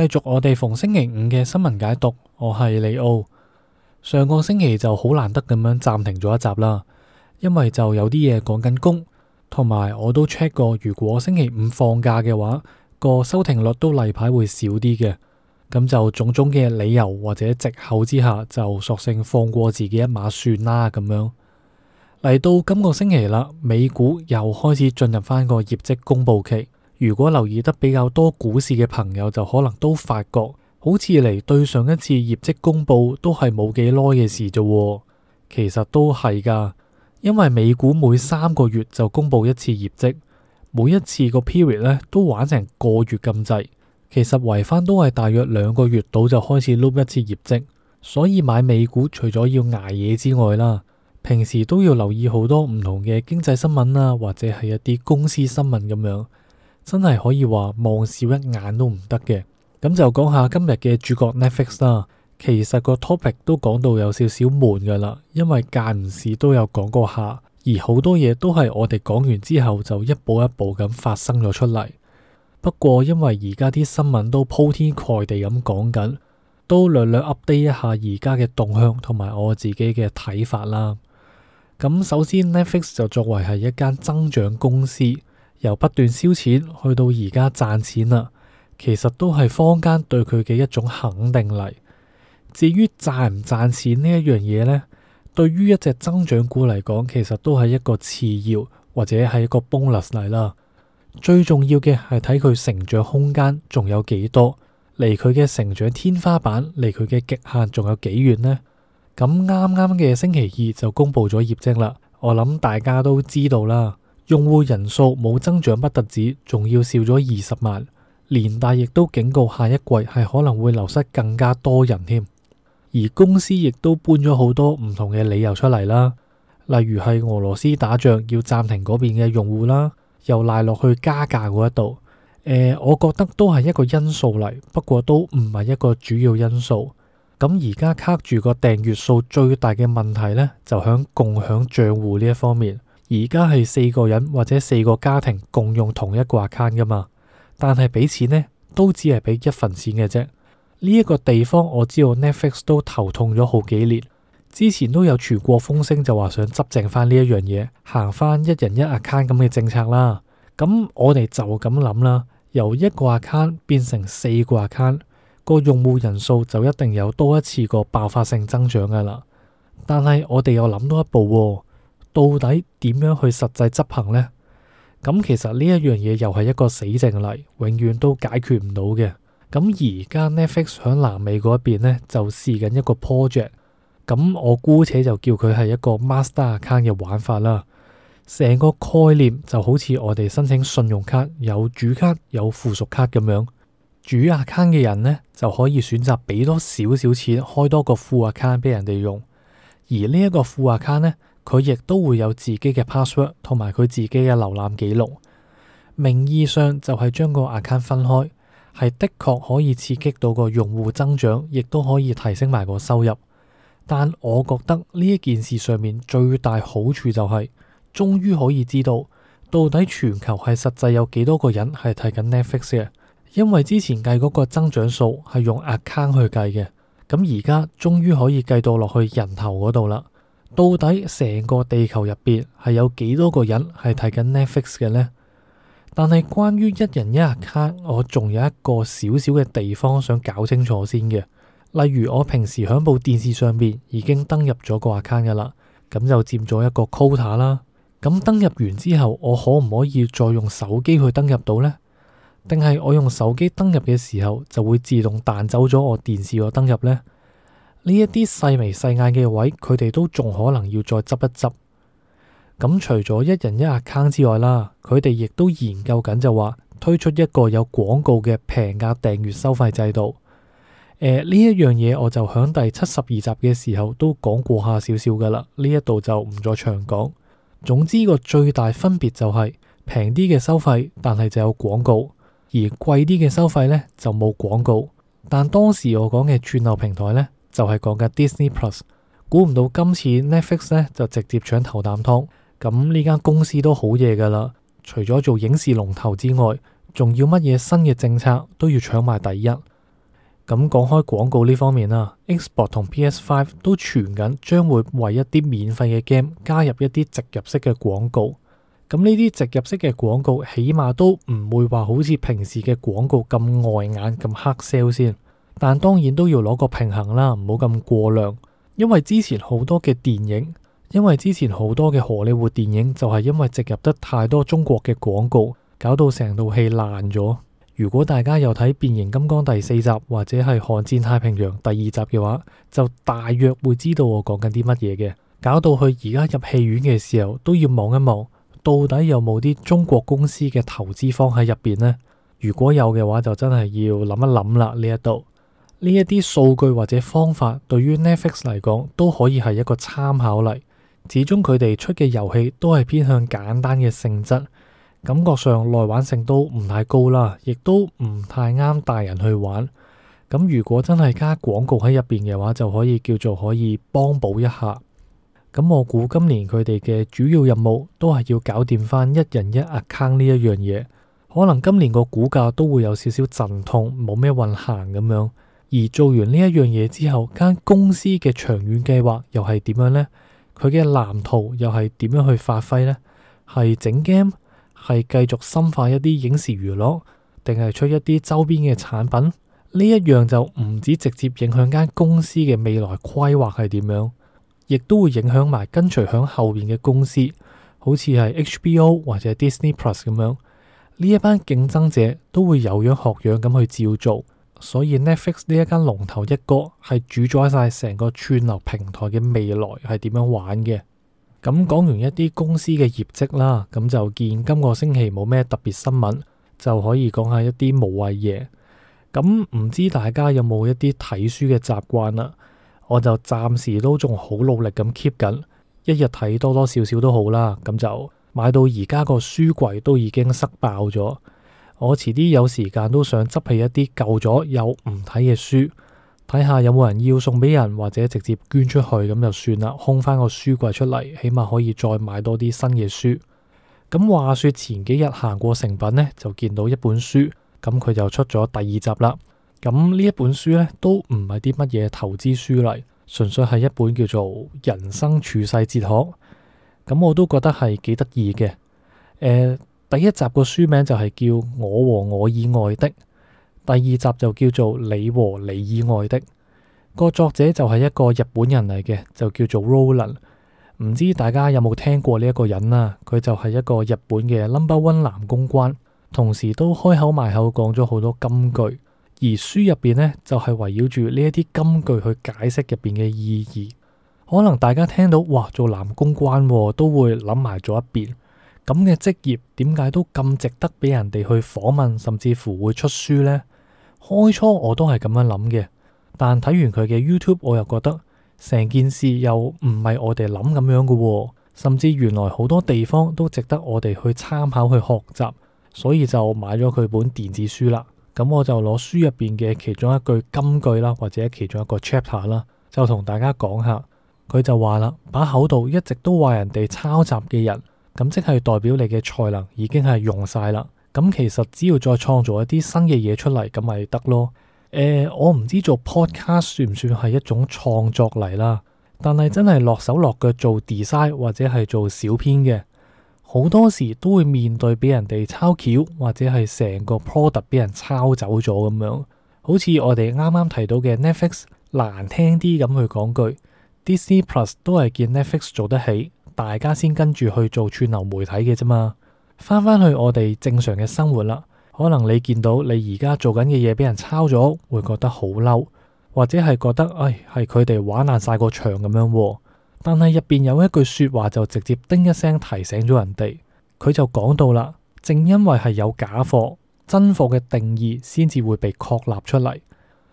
繼續我哋逢星期五嘅新聞解讀，我係李奧。上個星期就好難得咁樣暫停咗一集啦，因為就有啲嘢講緊工，同埋我都 check 過，如果星期五放假嘅話，個收聽率都例牌會少啲嘅。咁就種種嘅理由或者借口之下，就索性放過自己一馬算啦咁樣。嚟到今個星期啦，美股又開始進入翻個業績公布期。如果留意得比較多股市嘅朋友，就可能都發覺好似嚟對上一次業績公布都係冇幾耐嘅事啫。其實都係噶，因為美股每三個月就公布一次業績，每一次個 period 咧都玩成個月咁滯。其實維翻都係大約兩個月度就開始碌一次業績，所以買美股除咗要挨嘢之外啦，平時都要留意好多唔同嘅經濟新聞啊，或者係一啲公司新聞咁樣。真係可以話望少一眼都唔得嘅，咁就講下今日嘅主角 Netflix 啦。其實個 topic 都講到有少少悶㗎喇，因為間唔時都有講過下，而好多嘢都係我哋講完之後就一步一步咁發生咗出嚟。不過因為而家啲新聞都鋪天蓋地咁講緊，都略略 update 一下而家嘅動向同埋我自己嘅睇法啦。咁首先 Netflix 就作為係一間增長公司。由不斷燒錢去到而家賺錢啦，其實都係坊間對佢嘅一種肯定嚟。至於賺唔賺錢呢一樣嘢呢，對於一隻增長股嚟講，其實都係一個次要或者係一個 bonus 嚟啦。最重要嘅係睇佢成長空間仲有幾多，離佢嘅成長天花板、離佢嘅極限仲有幾遠呢？咁啱啱嘅星期二就公布咗業績啦，我諗大家都知道啦。用戶人數冇增長不特止，仲要少咗二十萬，連大亦都警告下一季係可能會流失更加多人添。而公司亦都搬咗好多唔同嘅理由出嚟啦，例如係俄羅斯打仗要暫停嗰邊嘅用戶啦，又賴落去加價嗰一度。誒、呃，我覺得都係一個因素嚟，不過都唔係一個主要因素。咁而家卡住個訂閱數最大嘅問題呢，就響共享賬戶呢一方面。而家係四個人或者四個家庭共用同一個 account 噶嘛，但係俾錢呢都只係俾一份錢嘅啫。呢、這、一個地方我知道 Netflix 都頭痛咗好幾年，之前都有傳過風聲就話想執正翻呢一樣嘢，行翻一人一 account 咁嘅政策啦。咁、嗯、我哋就咁諗啦，由一個 account 變成四個 account，個用戶人數就一定有多一次個爆發性增長噶啦。但係我哋又諗多一步，啊。到底點樣去實際執行呢？咁其實呢一樣嘢又係一個死症嚟，永遠都解決唔到嘅。咁而家 Netflix 喺南美嗰一邊咧，就試緊一個 project。咁我姑且就叫佢係一個 master account 嘅玩法啦。成個概念就好似我哋申請信用卡有主卡有附屬卡咁樣，主 account 嘅人呢，就可以選擇俾多少少錢開多個副 account 俾人哋用，而呢一個副 account 咧。佢亦都會有自己嘅 password 同埋佢自己嘅瀏覽記錄，名義上就係將個 account 分開，係的確可以刺激到個用戶增長，亦都可以提升埋個收入。但我覺得呢一件事上面最大好處就係，終於可以知道到底全球係實際有幾多個人係睇緊 Netflix 嘅，因為之前計嗰個增長數係用 account 去計嘅，咁而家終於可以計到落去人頭嗰度啦。到底成個地球入邊係有幾多個人係睇緊 Netflix 嘅呢？但係關於一人一 account，我仲有一個小小嘅地方想搞清楚先嘅。例如我平時響部電視上面已經登入咗個 account 㗎啦，咁就佔咗一個 quota 啦。咁登入完之後，我可唔可以再用手機去登入到呢？定係我用手機登入嘅時候就會自動彈走咗我電視個登入呢？呢一啲細眉細眼嘅位，佢哋都仲可能要再執一執。咁除咗一人一 account 之外啦，佢哋亦都研究緊就話推出一個有廣告嘅平價訂閱收費制度。呢、呃、一樣嘢我就響第七十二集嘅時候都講過下少少噶啦，呢一度就唔再長講。總之個最大分別就係平啲嘅收費，但係就有廣告；而貴啲嘅收費呢，就冇廣告。但當時我講嘅串流平台呢。就係講緊 Disney Plus，估唔到今次 Netflix 咧就直接搶頭啖湯，咁呢間公司都好嘢噶啦！除咗做影視龍頭之外，仲要乜嘢新嘅政策都要搶埋第一。咁講開廣告呢方面啦，Xbox 同 PS Five 都傳緊將會為一啲免費嘅 game 加入一啲植入式嘅廣告。咁呢啲植入式嘅廣告，起碼都唔會話好似平時嘅廣告咁礙眼咁黑 sell 先。但當然都要攞個平衡啦，唔好咁過量。因為之前好多嘅電影，因為之前好多嘅荷里活電影就係因為植入得太多中國嘅廣告，搞到成套戲爛咗。如果大家又睇《變形金剛》第四集或者係《寒戰太平洋》第二集嘅話，就大約會知道我講緊啲乜嘢嘅。搞到去而家入戲院嘅時候都要望一望，到底有冇啲中國公司嘅投資方喺入邊呢？如果有嘅話，就真係要諗一諗啦，呢一度。呢一啲數據或者方法對於 Netflix 嚟講都可以係一個參考嚟。始終佢哋出嘅遊戲都係偏向簡單嘅性質，感覺上耐玩性都唔太高啦，亦都唔太啱大人去玩。咁如果真係加廣告喺入邊嘅話，就可以叫做可以幫補一下。咁我估今年佢哋嘅主要任務都係要搞掂翻一人一 account 呢一樣嘢。可能今年個股價都會有少少陣痛，冇咩運行咁樣。而做完呢一樣嘢之後，間公司嘅長遠計劃又係點樣呢？佢嘅藍圖又係點樣去發揮呢？係整 game，係繼續深化一啲影視娛樂，定係出一啲周邊嘅產品？呢一樣就唔止直接影響間公司嘅未來規劃係點樣，亦都會影響埋跟隨響後邊嘅公司，好似係 HBO 或者 Disney Plus 咁樣，呢一班競爭者都會有樣學樣咁去照做。所以 Netflix 呢一間龍頭一哥係主宰晒成個串流平台嘅未來係點樣玩嘅。咁講完一啲公司嘅業績啦，咁就見今個星期冇咩特別新聞，就可以講下一啲無謂嘢。咁唔知大家有冇一啲睇書嘅習慣啦？我就暫時都仲好努力咁 keep 緊，一日睇多多少少都好啦。咁就買到而家個書櫃都已經塞爆咗。我遲啲有時間都想執起一啲舊咗又唔睇嘅書，睇下有冇人要送俾人，或者直接捐出去咁就算啦，空返個書櫃出嚟，起碼可以再買多啲新嘅書。咁話説前幾日行過成品呢，就見到一本書，咁佢就出咗第二集啦。咁呢一本書呢，都唔係啲乜嘢投資書嚟，純粹係一本叫做《人生處世哲學》。咁我都覺得係幾得意嘅。誒、欸。第一集個書名就係叫我和我以外的，第二集就叫做你和你以外的。個作者就係一個日本人嚟嘅，就叫做 Roland。唔知大家有冇聽過呢一個人啊？佢就係一個日本嘅 number one 男公關，同時都開口埋口講咗好多金句。而書入邊呢，就係、是、圍繞住呢一啲金句去解釋入邊嘅意義。可能大家聽到哇做男公關、啊、都會諗埋咗一邊。咁嘅職業點解都咁值得俾人哋去訪問，甚至乎會出書呢？開初我都係咁樣諗嘅，但睇完佢嘅 YouTube，我又覺得成件事又唔係我哋諗咁樣㗎喎。甚至原來好多地方都值得我哋去參考去學習，所以就買咗佢本電子書啦。咁我就攞書入邊嘅其中一句金句啦，或者其中一個 chapter 啦，就同大家講下。佢就話啦，把口度一直都話人哋抄襲嘅人。咁即係代表你嘅才能已經係用晒啦。咁其實只要再創造一啲新嘅嘢出嚟，咁咪得咯。誒、呃，我唔知做 podcast 算唔算係一種創作嚟啦。但係真係落手落腳做 design 或者係做小編嘅，好多時都會面對俾人哋抄橋，或者係成個 product 俾人抄走咗咁樣。好似我哋啱啱提到嘅 Netflix 難聽啲咁去講句，Disney Plus 都係見 Netflix 做得起。大家先跟住去做串流媒體嘅啫嘛，翻返去我哋正常嘅生活啦。可能你見到你而家做緊嘅嘢俾人抄咗，會覺得好嬲，或者係覺得唉，係佢哋玩爛晒個場咁樣。但係入邊有一句說話就直接叮一聲提醒咗人哋，佢就講到啦，正因為係有假貨，真貨嘅定義先至會被確立出嚟。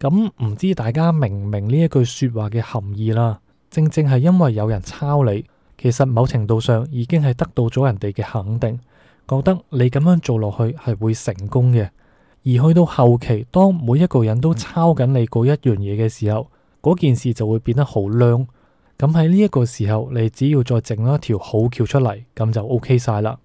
咁、嗯、唔知大家明唔明呢一句說話嘅含義啦？正正係因為有人抄你。其實某程度上已經係得到咗人哋嘅肯定，覺得你咁樣做落去係會成功嘅。而去到後期，當每一個人都抄緊你嗰一樣嘢嘅時候，嗰件事就會變得好娘。咁喺呢一個時候，你只要再整一條好橋出嚟，咁就 OK 晒啦。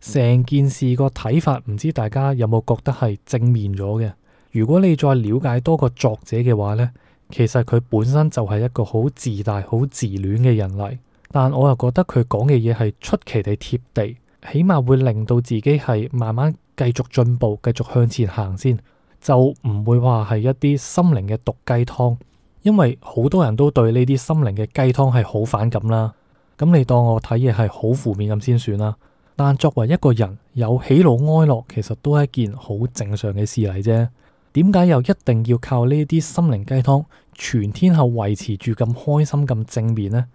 成件事個睇法，唔知大家有冇覺得係正面咗嘅？如果你再了解多個作者嘅話呢，其實佢本身就係一個好自大、好自戀嘅人嚟。但我又覺得佢講嘅嘢係出奇地貼地，起碼會令到自己係慢慢繼續進步，繼續向前行先，就唔會話係一啲心靈嘅毒雞湯。因為好多人都對呢啲心靈嘅雞湯係好反感啦。咁你當我睇嘢係好負面咁先算啦。但作為一個人有喜怒哀樂，其實都係一件好正常嘅事嚟啫。點解又一定要靠呢啲心靈雞湯全天候維持住咁開心咁正面呢？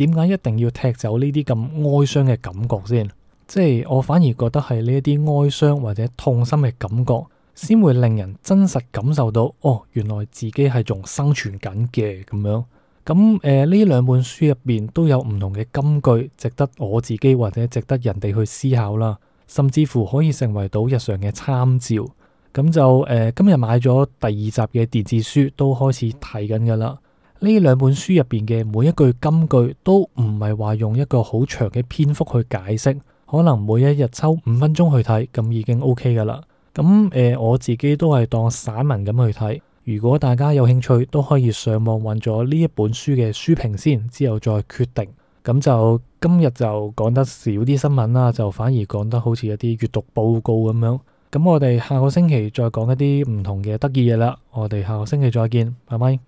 點解一定要踢走呢啲咁哀傷嘅感覺先？即係我反而覺得係呢一啲哀傷或者痛心嘅感覺，先會令人真實感受到哦，原來自己係仲生存緊嘅，咁樣。咁誒、呢、呃、兩本書入邊都有唔同嘅金句，值得我自己或者值得人哋去思考啦，甚至乎可以成為到日常嘅參照。咁就誒、呃，今日買咗第二集嘅電子書，都開始睇緊噶啦。呢兩本書入邊嘅每一句金句都唔係話用一個好長嘅篇幅去解釋，可能每一日抽五分鐘去睇，咁已經 OK 噶啦。咁誒、呃，我自己都係當散文咁去睇。如果大家有興趣，都可以上網揾咗呢一本書嘅書評先，之後再決定。咁就今日就講得少啲新聞啦，就反而講得好似一啲閱讀報告咁樣。咁我哋下個星期再講一啲唔同嘅得意嘢啦。我哋下個星期再見，拜拜。